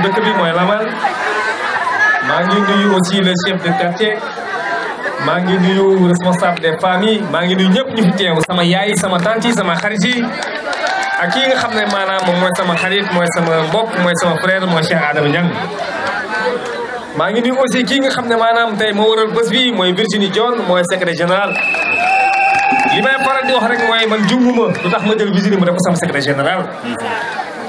borom dëkk bi mooy Lamal maa ngi nuyu aussi le chef de quartier maa ngi nuyu responsable des familles maa ngi nuyu ñëpp ñu fi sama yaay sama tanti, sama xarit yi ak kii nga xam ne maanaam mooy sama xarit mooy sama mbokk mooy sama frère mooy Cheikh Adama Niang maa ngi nuyu aussi kii nga xam ne maanaam tey moo waral bés bi mooy Virginie Dione mooy secrétaire général li may faral di wax rek mooy man jumuma lu tax ma jël Virginie mu def ko sama secrétaire général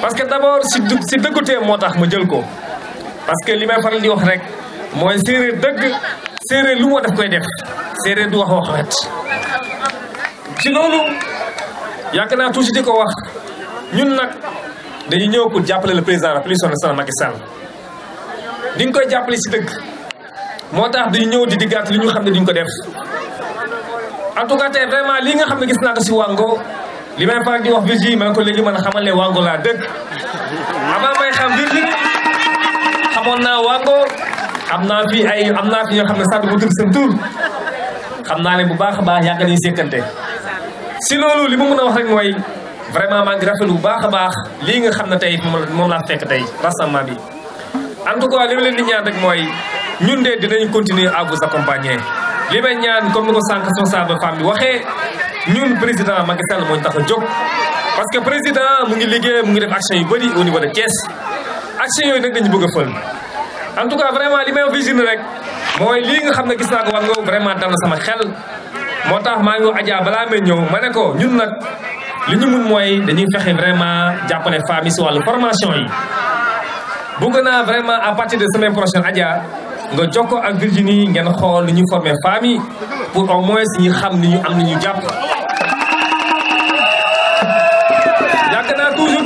parce que d' abord si si dëggutee moo tax ma jël ko parce que li may faral di wax rek mooy séeréer dëgg séeréer lu ma daf koy def séeréer du wax wax wet ci loolu yàgg naa toujours di ko wax ñun nag dañu ñëw pour jàppale le président la plus on excellence Macky Sall ni ñu koy jàppale si dëgg moo dañu ñëw di diggaat li ñu xam ne ko def en tout cas tey vraiment lii nga xam gis naa ko si Wango limay may di wax bi ji maa ko legi man xamal le Wango la deug ama may xam biir li xamona naa Wango am fi ay amna fi ñoo xamne ne sax bu tur seen tour xamna le ne bu baax a baax yàgg nañu sekkante si lolu limu mëna wax rek moy vraiment ma ngi rafetlu bu baax baax li nga xamne tay mom la fekk rassemblement bi en tout cas limu leen di ñaan rek moy ñun de dinañ continuer à vous accompagner limay ñaan comme ni ko sànq responsable femme bi waxe ñun président Macky Sall moñ taxal tax parce que président mu ngi liggé mu ngi def action yu bari au niveau de caisse action yoy nak dañu bëgg a fël en tout cas vraiment li may vision rek moy li nga xam gis na ko wax nga vraiment dal sama xel motax ma ngi aja bala may ñëw mané ko ñun nak li ñu mën moy dañuy fexé vraiment jappalé femmes ci walu formation yi bëgg na vraiment à partir de semaine prochaine aja nga jokkoo ak Virginie ngeen xol ni ñu former femmes pour au moins ñu xam ni ñu am ni ñu japp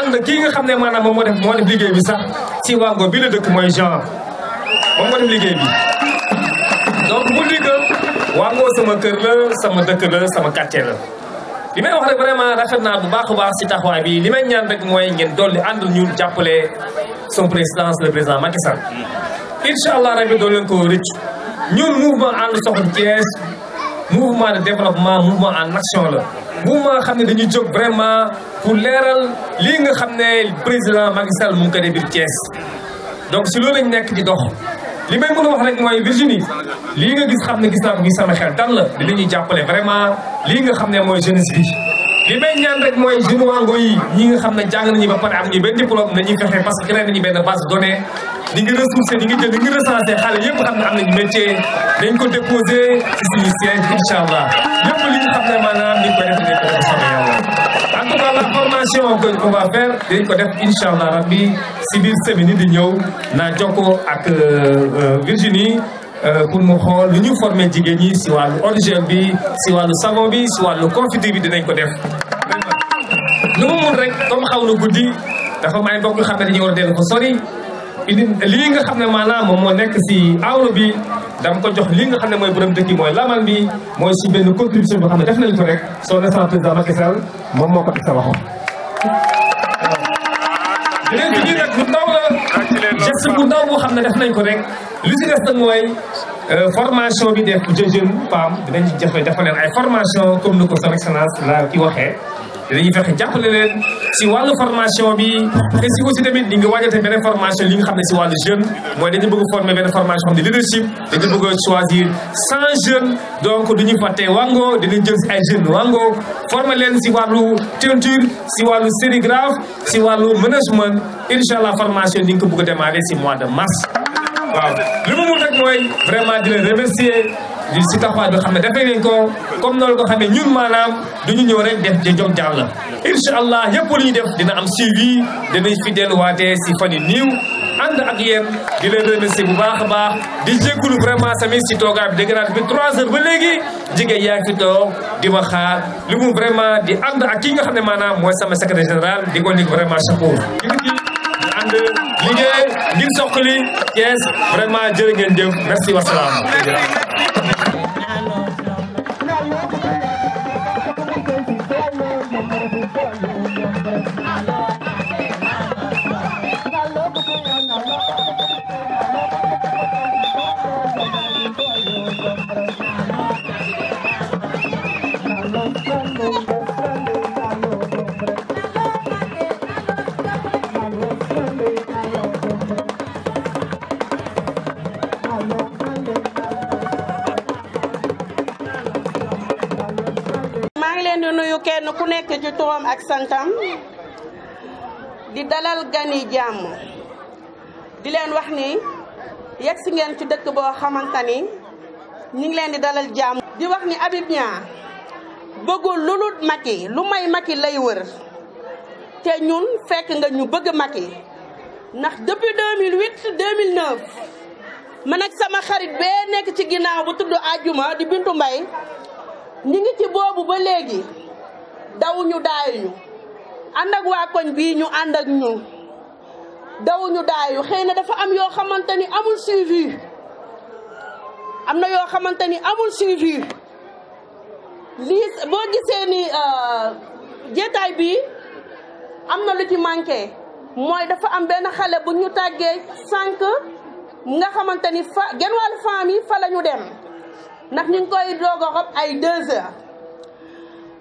ànd kii nga xam ne maanaam moom moo def moo def liggéey bi sax ci wango bi la dëkk mooy Jean moom moo def liggéey bi donc mu di que wango sama kër la sama dëkk la sama quartier la li may wax rek vraiment rafet naa bu baax a baax ci taxawaay bi li may ñaan rek mooy ngeen dolli ànd ñun jàppale son présidence le président Macky Sall incha allah rabi doo leen ko rëcc ñun mouvement ànd soxla Thiès mouvement de développement mouvement en action la mouvement xam ne dañu jóg vraiment pour leeral lii nga xam ne président Macky Sall mu ngi ko def biir donc si loolu lañ nekk di dox li may mën a wax rek mooy Virginie lii nga gis xam ne gis naa ko ngi sama xel tan la di la ñuy jàppale vraiment lii nga xam ne mooy jeunesse bi li may ñaan rek mooy jeune wango ñi nga xam ne jàng nañu ba pare am ñu benn diplôme nañuy fexe parce que créé nañu benn base de ñu ngi ressourcé ñu ngi jël ñu ngi recensé xale yëpp xam ne am nañu dañ ko déposé ci suñu siège incha allah lépp li nga xam ne maanaam ñu ngi koy def dañ ko soxla yàlla. en tout cas la formation ko def incha allah si di ñëw naa jokkoo ak euh, euh, Virginie euh, pour mu xool lu ñu formé jigéen ñi si wàllu origine bi si wàllu savon bi si wàllu confiture bi dinañ ko def. lu mu mun rek comme xaw na guddi dafa may bokk xam ne dañu war a dellu indi lii nga xam ne maanaam moom moo nekk si awro bi dama ko jox lii nga xam ne mooy borom dëkk mooy lamal bi mooy si benn contribution boo xam ne def nañu ko rek son excellence président Macky Sall moom moo ko teg sa loxo. beneen bi bii nag bu ndaw la geste bu ndaw boo xam ne def nañ ko rek li si des nag mooy euh, formation bi def jeunes femmes dinañ jafe dafa leen ay formation comme ni ko son excellence la ki waxee. dinañu fexe jàppale leen si wàllu formation bi te si aussi tamit di nga waajate benn li nga xam ne si wàllu jeune mooy dañu bëgg former benn formation de leadership dañu bëgg a choisir cent donc duñu fàtte wango dinañ jël si ay wango former leen si wàllu teinture si wàllu sérigraphe si wàllu management incha allah formation di nga a démarrer si mois de mars li mu mun rek mooy vraiment di leen si taxawaay bi xam ne defee nañ ko comme noonu ko xamee ñun maanaam duñu ñëw rek def di jóg jàll incha allah yëpp lu ñu def dina am suivi dinañ fi delluwaatee si fan niiw ànd ak yéen di leen remercier bu di jégalu vraiment tamit si toogaay bi dégg ba léegi jigéen yaa ngi fi toog di ma a li mu vraiment di ànd ak ki nga xam ne maanaam mooy sama secrétaire général di ko nekk vraiment chapeau ànd liggéey ngir soqali Thiès vraiment jërë ngeen jëf merci wasalaam ak santam di dalal gani jàmm di leen wax ni yegsi ngeen ci dëkk boo xamante ni ñu ngi leen di dalal jàmm. di wax ni Habib Niang bëggul lu lut Macky lu may yi lay wër te ñun fekk nga ñu bëgg yi ndax depuis 2008 2009 man ak sama xarit bee nekk ci ginnaaw bu tudd Ajuma di Bintu Mbay ñu ngi ci boobu ba léegi. dawuñu daayuñu ànd ak waa koñ bii ñu ànd ak ñun dawuñu daayu xëy na dafa am yoo xamante ni amul suivi am na yoo xamante ni amul suivi lii boo gisee ni euh, jeetaay bi am na lu ci manqué mooy dafa am benn xale bu ñu tàggee sànq nga xamante ni fa genn wàllu yi fa la ñu dem ndax ñu ngi koy doog ay deux heures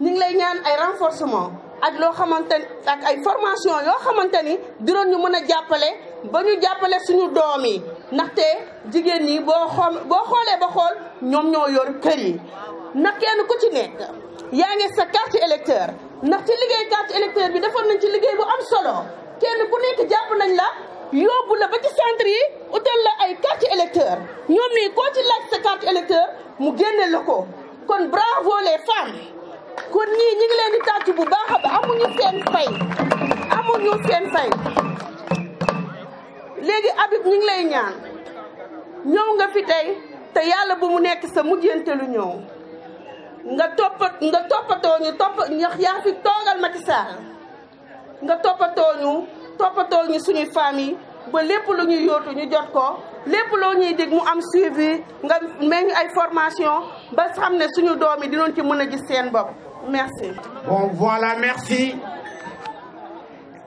ñu ngi lay ñaan ay renforcement ak loo xamante ak ay formation yoo xamante ni ñu mën a jàppale ba ñu jàppale suñu doom yi ndaxte jigéen ñi boo xool boo xoolee ba xool ñoom ñoo yor kër yi na kenn ku ci nekk yaa ngi sa carte électeur ndax ci liggéey carte électeur bi defoon nañ ci liggéey bu am solo kenn ku nekk jàpp nañ la yóbbu la ba ci centre yi utal la ay carte électeur ñoom nii koo ci laaj sa carte électeur mu génne la ko kon bravo les kon ñii ñi ngi leen di tàcc bu baax a ba amuñu seen fay amuñu seen fay léegi Habib ñu lay ñaan ñëw nga fi tey te yàlla bu mu nekk sa lu ñëw nga toppat nga toppatoo ñu nga toppatoo ñu toppatoo ñu yi ba lépp lu ñuy yóotu ñu jot ko lépp loo ñuy dégg mu am suivi nga meññ ay formation ba xam ne suñu doom yi dinoon ci mën a gis seen bopp Merci. Bon, voilà, merci.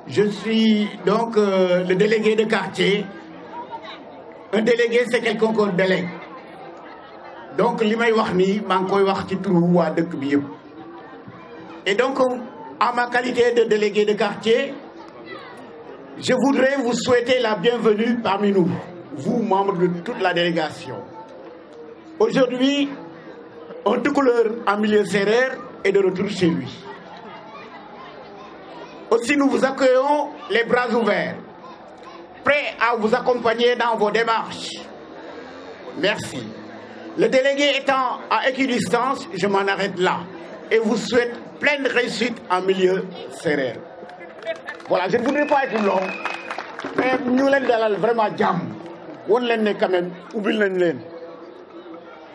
Je suis donc euh, le délégué de quartier. Un délégué, c'est quelqu'un qu'on délègue. donc l'Imaï wax et donc en ma qualité de délégué de quartier je voudrais vous souhaiter la bienvenue parmi nous vous membres de toute la délégation aujourd'hui en toute couleur, en milieu serré et de retour chez lui. Aussi, nous vous accueillons les bras ouverts, prêts à vous accompagner dans vos démarches. Merci. Le délégué étant à équidistance, je m'en arrête là et vous souhaite pleine réussite en milieu serré. Voilà, je ne voudrais pas être long, mais nous l'avons vraiment jam. On l'a quand même,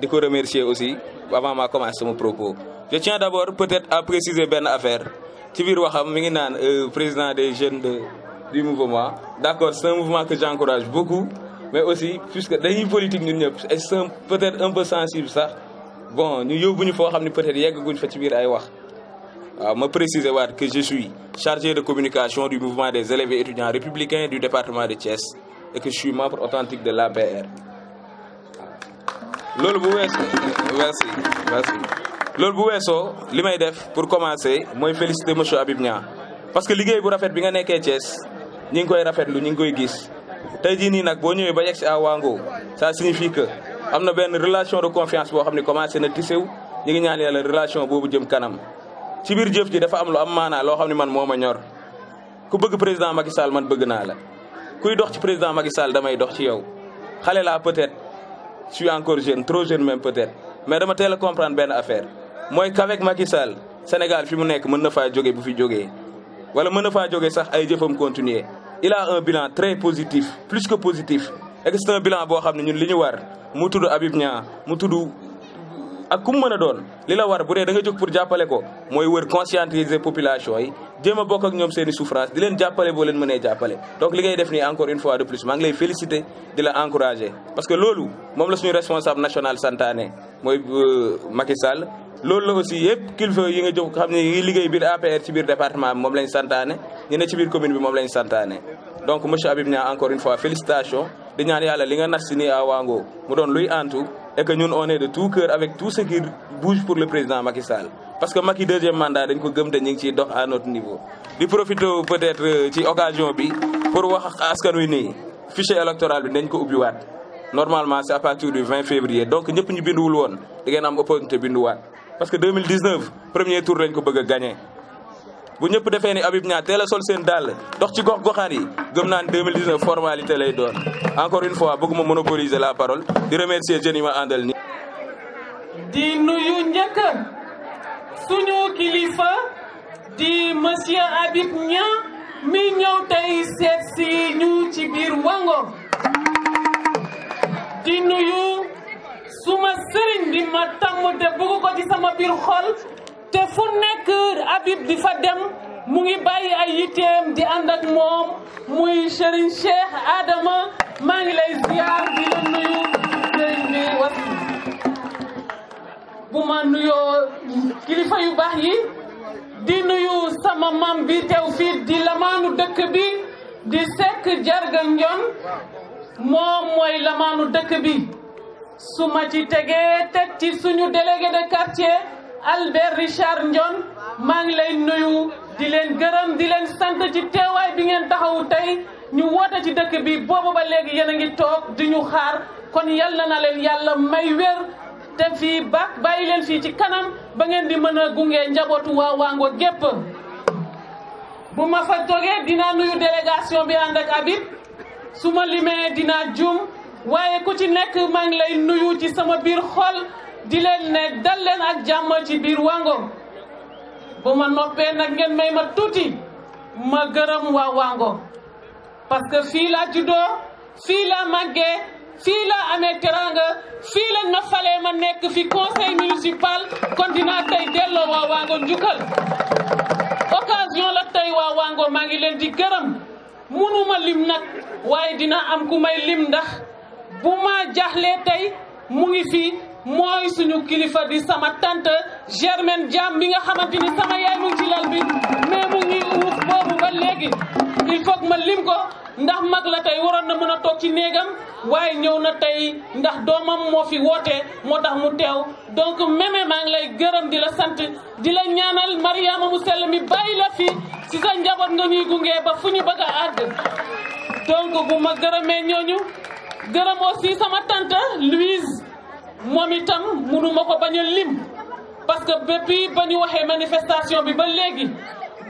de vous remercier aussi avant de commencer mon propos. je tiens d'abord peut-être à préciser une affaire ci suis waxam euh, président des jeunes du mouvement D'accord, c'est un mouvement que j'encourage beaucoup mais aussi puisque les politique ñun sont peut-être un peu sensible ça. bon nous, peut-être préciser que je suis chargé de communication du mouvement des élèves et étudiants républicains du département de Thiès et que je suis membre authentique de l'APR loolu bu wess merci merci loolu bu wesso limay def pour commencer moy féliciter monsieur Habib Niang parce que liguey bu rafet bi nga nekkee Thiès ñing koy rafet lu ñing koy gis tay jii ni nak bo ñëwee ba yegg à Wango ça signifie que amna ben relation de confiance bo xamni ne commencé na tissew ñing ñaan yalla relation boobu jëm kanam ci bir jëf ji dafa am lu am maanaa loo xam ne man moma ñor ku bëgg président Macky Sall man bëgg na la kuy dox ci président Macky Sall damay dox ci yow xalé la peut-être je suis encore jeune trop jeune même peut-être mais dama teel a comprendre benn affaire Moi, qu'avec Macky Sall Sénégal fi mu mon mën na faa faire bu fi jógee wala mën a faa jógee sax ay pour continuer il a un bilan très positif plus que positif et c'est un bilan à voir ne ñun li war mu Habib ak ku mu mën a doon li la war bu dee da nga jóg pour jàppale ko mooy wër conscientiser population yi jéem a bokk ak ñoom seen i di leen jàppale boo leen mënee jàppale donc li ngay def nii encore une fois de plus maa ngi lay féliciter di la encourager parce que loolu moom la suñu responsable national santaane mooy euh, Macky Sall loolu la aussi yëpp kilifa yi nga jóg xam ne yi liggéey biir APR ci biir département bi moom lañ santaane ñu ne ci biir commune bi moom lañ santaane donc monsieur Habib Niang encore une fois félicitations di ñaan yàlla li nga nas si nii et que nous on est de tout cœur avec tout ce qui bouge pour le président Macky Sall parce que Macky deuxième mandat nous ko à notre niveau. Nous profitons peut-être euh, ci occasion bi pour wax ce que Le fichier électoral bi normalement c'est à partir du 20 février donc nous ñu binduwul pas nous opportunité parce que 2019 premier tour lañ ko bëgg gagner. bu ñëpp defee ni abib ñaar teel a sol seen dàll dox ci gox goxaan yi gëm naan 2019 formalité lay doon encore une fois bëgguma monopoliser la parole di remercier jeunes yi ma àndal ni di nuyu njëkk suñu kilifa di monsieur abib Niang mi ñëw tey seet si ñu ci biir Wango di nuyu suma sëriñ bi ma tàmm te bëgg ko ci sama biir xol te fu nekk Habib di fa dem mu ngi bàyyi ay yitteem di ànd ak moom muy Serigne Cheikh Adama maa ngi lay ziar di la nuyu Serigne bi was bu ma nuyoo kilifa yu baax yi di nuyu sama mam bi teew fii di lamaanu dëkk bi di sekk jarga njoon moom mooy lamaanu dëkk bi su ma ci tegee teg ci suñu délégué de quartier Albert Richard Ndione maa ngi lay nuyu di leen gërëm di leen sant ci teewaay bi ngeen taxawu tey ñu woote ci dëkk bi boobu ba léegi yéen a ngi toog di ñu xaar kon yàlla na leen yàlla may wér te fii ba bàyyi leen fii ci kanam ba ngeen di mën a gunge njabootu waa Wango gépp bu ma fa jógee dinaa nuyu délégation bi ànd ak Habib su ma limee dinaa jum waaye ku ci nekk maa ngi lay nuyu ci sama biir xol di leen dal leen ak jàmm ci biir Wango bu ma noppee nag ngeen may ma tuuti ma gërëm waa Wango parce que fii laa juddoo fii laa màggee fii laa amee teranga fii lañ ma ma nekk fi conseil municipal kon dinaa tey delloo waa Wango njukkal occasion la tey waa Wango maa ngi leen di gërëm mënuma lim nag waaye dina am ku may lim ndax bu ma jaaxlee tey mu ngi fii mooy suñu kilifa di sama tànt Germaine Diam bi nga xamante ni sama yaay mu ci lal bi mais mu ngi uuf boobu ba léegi il faut ma lim ko ndax mag la tey waroon na mën a toog ci néegam waaye ñëw na tey ndax doomam moo fi woote moo tax mu teew donc Mémé maa lay gërëm di la sant di la ñaanal Mariama mu sell mi bàyyi la fi si sa njaboot nga ñuy gunge ba fu ñu bëgg a àgg donc bu ma gërëmee ñooñu gërëm aussi sama tante Louise. moom itam mënuma ko bañ a lim parce que depuis ba ñu waxee manifestation bi ba léegi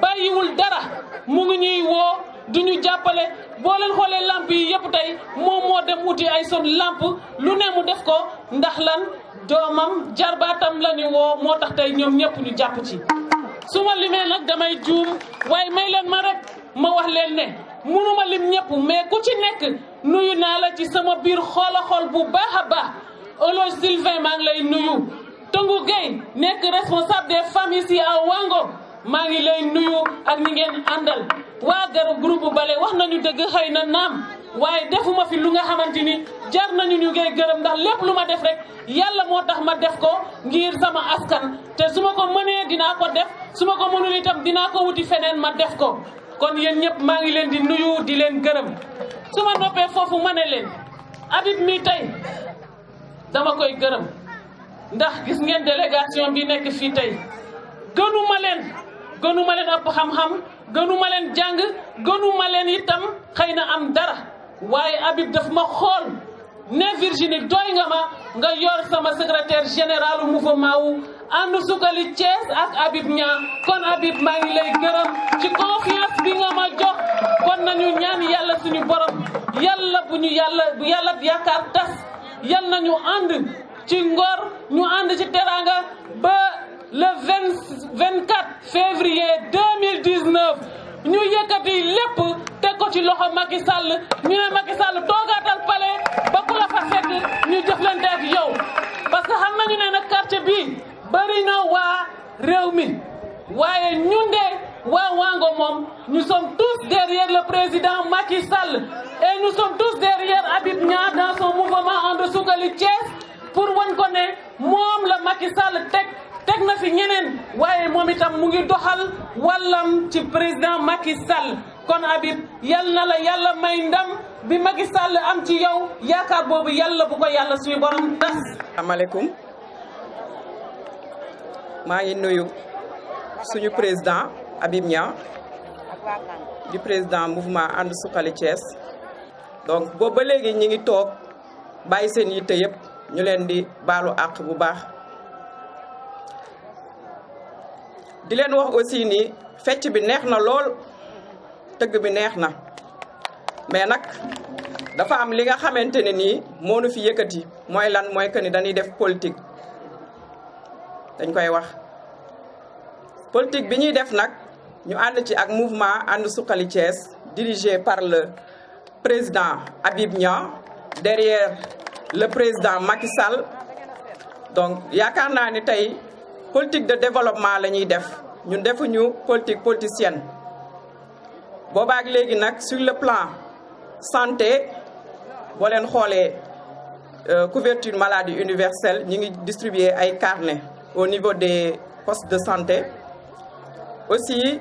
bàyyiwul dara mu ngi ñuy woo du ñu jàppale boo leen xoolee lamp yi yëpp tey moom moo dem uti ay son làmp lu ne mu def ko ndax lan doomam jarbaatam la woo moo tax tey ñoom ñëpp ñu jàpp ci su ma limee nag damay juum waaye may leen ma rek ma wax leen ne mënuma lim ñëpp mais ku ci nekk nuyu naa la ci sama biir xoola xool bu baax a baax Ologe Sylvain maa ngi lay nuyu Tongu Gueye nekk responsable des femmes ici à Wango maa ngi lay nuyu ak ñi ngeen àndal waa garu groupe bale wax nañu dëgg xëy na naam waaye defuma fi lu nga xamante ni jar nañu ñu ngay gërëm ndax lépp lu ma def rek yàlla moo tax ma def ko ngir sama askan te su ma ko mënee dinaa ko def su ma ko mënul itam dinaa ko wuti feneen ma def ko kon yéen ñëpp maa ngi leen di nuyu di leen gërëm su ma noppee foofu ma ne leen Habib mi tey dama koy gërëm ndax gis ngeen délégation bi nekk fi tey gënuma leen gënuma leen ëpp xam-xam gënuma leen jàng gënuma leen itam xëy na am dara waaye Habib daf ma xool ne Virginie doy nga ma nga yor sama secrétaire général mouvement wu ànd sukali Thiès ak Habib Niang kon Habib maa ngi lay gërëm ci confiance bi nga ma jox kon nañu ñaan yàlla suñu borom yàlla bu ñu yàlla bu yàlla yaakaar tas yan nañu ànd ci ngor ñu ànd ci teranga ba le vingt vingt quatre ñu yëkkati lépp teg ko ci loxo Macky Sall ñu ne Macky Sall toogaatal palais ba ku la fa ñu jëflante yow parce que xam nañu ne nag quartier bi bëri na waa réew mi waaye ñun de. Wawango Mom, nous sommes tous derrière le président Macky Sall et nous sommes tous derrière Habib Nia dans son mouvement en dessous de l'UTS pour wan ko Mom le la Macky Sall teg tek na fi ñeneen waye moom itam mu ngi doxal walam ci président Macky Sall kon Habib yal la yalla may ndam bi Macky Sall am ci yow yaakaar bobu yalla bu ko yalla suñu borom tas. asalaamaaleykum ma ngi nuyu suñu président. Habib Niang di président mouvement ànd suqali Thiès donc boobu ba léegi ñi ngi toog bàyyi seen yitte yëpp ñu leen di baalu àq bu baax di leen wax aussi ni fecc bi neex na lool tëgg bi neex na mais nag dafa am li nga xamante ne nii moo nu fi yëkkati mooy lan mooy que ni dañuy def politique dañ koy wax politique bi ñuy def nag Nous avons un mouvement ànd Soukali dirigé par le président Habib Niang derrière le président Macky Sall donc a naa ni une politique de développement Nous def ñun defuñu politique politicienne boobaak légui nak sur le plan santé bo len xolé euh, couverture maladie universelle ñi ngi distribuer ay au niveau des postes de santé aussi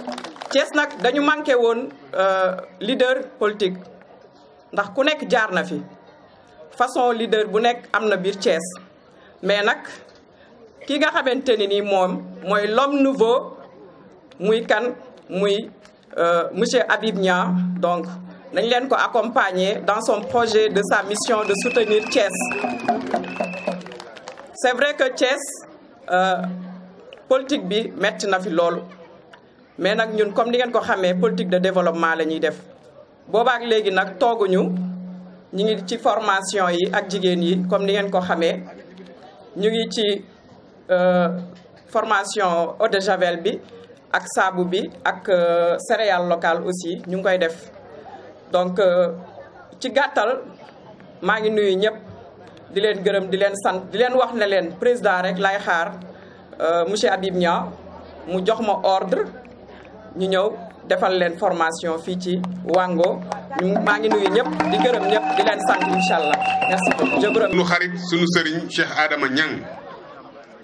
Thiès nak dañu won euh leader politique ndax ku nek jaar na fi façon leader bu nek amna bir Thiès mais nak ki nga xamante ni mom moy l'homme nouveau muy kan muy euh, monsieur Habib Niang donc dañ len ko accompagner dans son projet de sa mission de soutenir Thiès c'est vrai que Thiès euh, politique bi metti na fi loolu mais nag ñun comme ni ngeen ko xame politique de développement la ñuy def boobaak léegi nag tooguñu ñu ngi ci formation yi ak jigéen yi comme ni ngeen ko xamee ñu ngi ci euh, formation eau de javel bi ak saabu bi ak euh, céréales local aussi ñu ngi koy def donc euh, ci gàttal maa ngi nuyu ñëpp di leen gërëm di leen sant di leen wax ne leen président rek lay xaar monsieur Habib Niang mu jox ma ordre ñu ñëw defal leen formation fi ci Wango ñu ma ngi nuyu ñëpp di gërëm ñëpp di leen sant inshallah merci beaucoup je xarit suñu sëriñ Cheikh Adama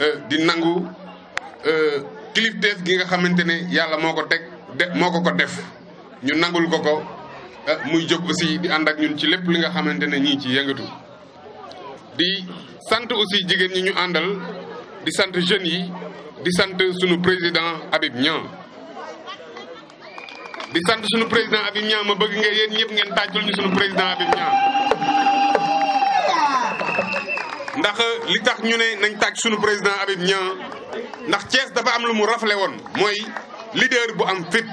euh di nangu def euh, gi nga xamantene yalla moko tek moko ko def ñu nangul ko ko euh, muy jog aussi di and ak ñun ci lepp li nga xamantene ñi ci yëngatu di sant aussi jigen ñi ñu andal di sant jeune yi di sant sunu président Habib ñang di sant suñu président Habib Niang ma bëgg nga yéen ñëpp ngeen tàccul ñu suñu président Habib Niang ndax li tax ñu ne nañ tàcc suñu président Habib Niang ndax Thiès dafa am lu mu rafle woon mooy leader bu am fit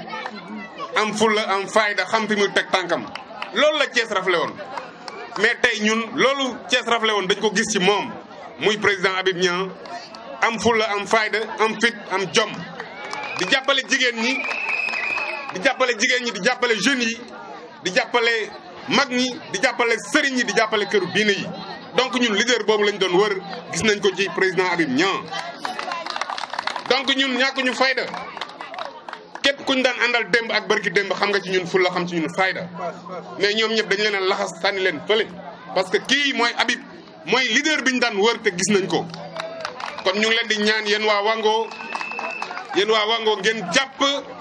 am fulla am fayda xam fi mu teg tànkam loolu la cees rafle woon mais tey ñun loolu cees rafle woon dañ ko gis ci moom muy président Habib Niang am fulla am fayda am fit am jom di jàppale jigéen ñi di jappalé jigéen ñi di jappalé jeune yi di jappalé mag ñi di jappalé sëriñ yi di jappalé kër diine yi donc ñun leader bobu lañ doon wër gis nañ ko ci président Abim Niang donc ñun ñu fayda képp kuñ daan andal demb ak barki demb xam nga ci ñun fulla xam ci ñun fayda mais ñom ñëpp dañ leen laxas sànni leen fële parce que ki moy Abib moy leader biñ ñu daan wër te gis nañ ko kon ñu ngi leen di ñaan yeen wa Wango yeen wa Wango ngeen japp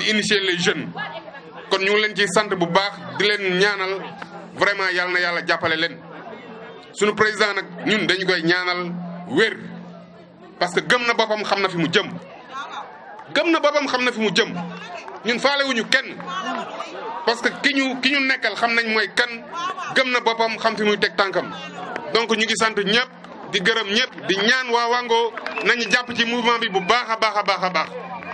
di initier les jeunes kon ñu ngi leen ciy sant bu baax di leen ñaanal vraiment yàlla na yàlla jàppale leen suñu président nag ñun dañu koy ñaanal wér parce que gëm na boppam xam na fi mu jëm gëm na boppam xam na fi mu jëm ñun faalewuñu kenn parce que ki ñu ki ñu nekkal xam nañ mooy kan gëm na boppam xam fi muy teg tànkam donc ñu ngi sant ñëpp di gërëm ñëpp di ñaan waa Wango nañu jàpp ci mu mouvement bi bu baax a baax a baax a baax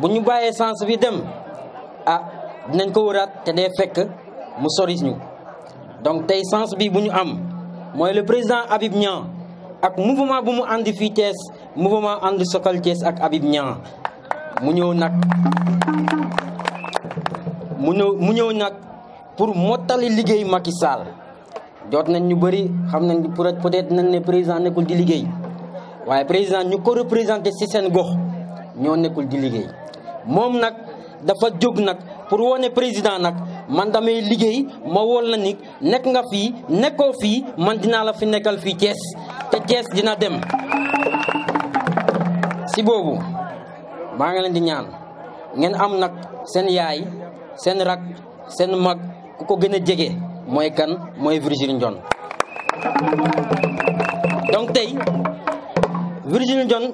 buñu ñu bàyyee sens bi dem ah dinañ ko wëraat té day fekk mu sori ñu donc tay sens bi buñu am moy le président Habib Niang ak mouvement bu mu andi fi ties mouvement ànd Suxal ties ak Habib Niang mu ñëw nak mu ñëw mu ñëw nak pour mottali liggéey Macky Sall jot nañ ñu bari xam nañ pour peut-être nañ né président nekul di liggéey waye président ñu ko représenter ci seen gox ñoo nekul di liggéey mom nak dafa jog nak pour woné président nak man damay liggéey ma wol na ni nek nga fi neko fi man dina la fi nekkal fi ties te ties dina dem si bobu ma nga len di ñaan ngeen am nak sen yaay sen rak sen mag kuko gëna jégé moy kan moy Virgile ndion donc tay ndion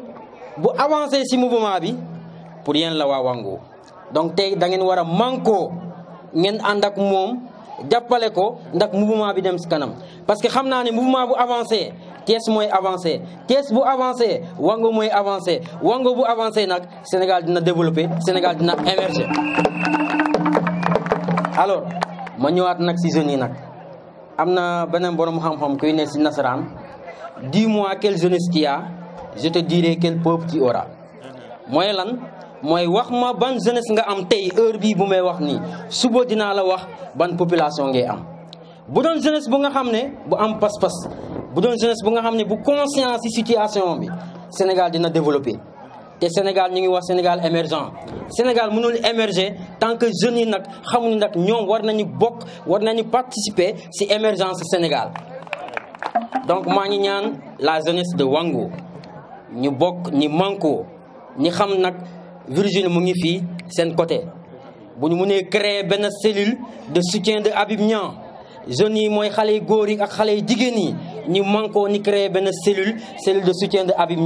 bu avancer si mouvement bi pour yen la wawango donc te da ngeen wara manko ngeen andak mom jappale ko ndak mouvement bi dem ci kanam parce que xamna ni mouvement bu avancer Thiès moy avancer Thiès bu avancer Wango moy avancer Wango bu avancer nak Sénégal dina développer Sénégal dina émerger alors ma ñëwaat nak ci jeunes yi nak amna benen borom xam-xam kuy ne ci nasaraan dis-moi quel jeunesse qui a je te dirai quel peuple tu auras moy lan moy wax ma ban jeunesse nga am tay heure bi bu may wax ni suba dinaa la wax ban population ngay am bu doon jeunesse bu nga xamne bu am pass pass bu doon jeunesse bu nga xamne bu conscience situation bi Sénégal dina développer té Sénégal ñi ngi wax Sénégal émergent Sénégal mënul émerger tant que jeunes yi nag xamuñu nag ñoom war nañu bok war nañu participer ci émergence Sénégal donc ma ngi ñaan la jeunesse de Wango ñu bok ñi manko ñi xam nak Virginie Mounifi, c'est un côté Si une cellule de soutien de Habib Niang jeunes yi mooy xale ak créer cellule cellule de soutien de Habib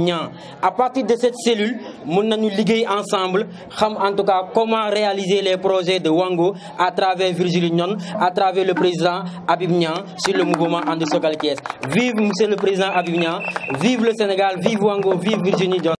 à partir de cette cellule nous nous liguer ensemble en tout cas comment réaliser les projets de Wango à travers Virginie Nyan, à travers le président Abim sur le mouvement Andesokal Kies. vive monsieur le président Abim vive le Sénégal vive Wango vive Virginie Nyan.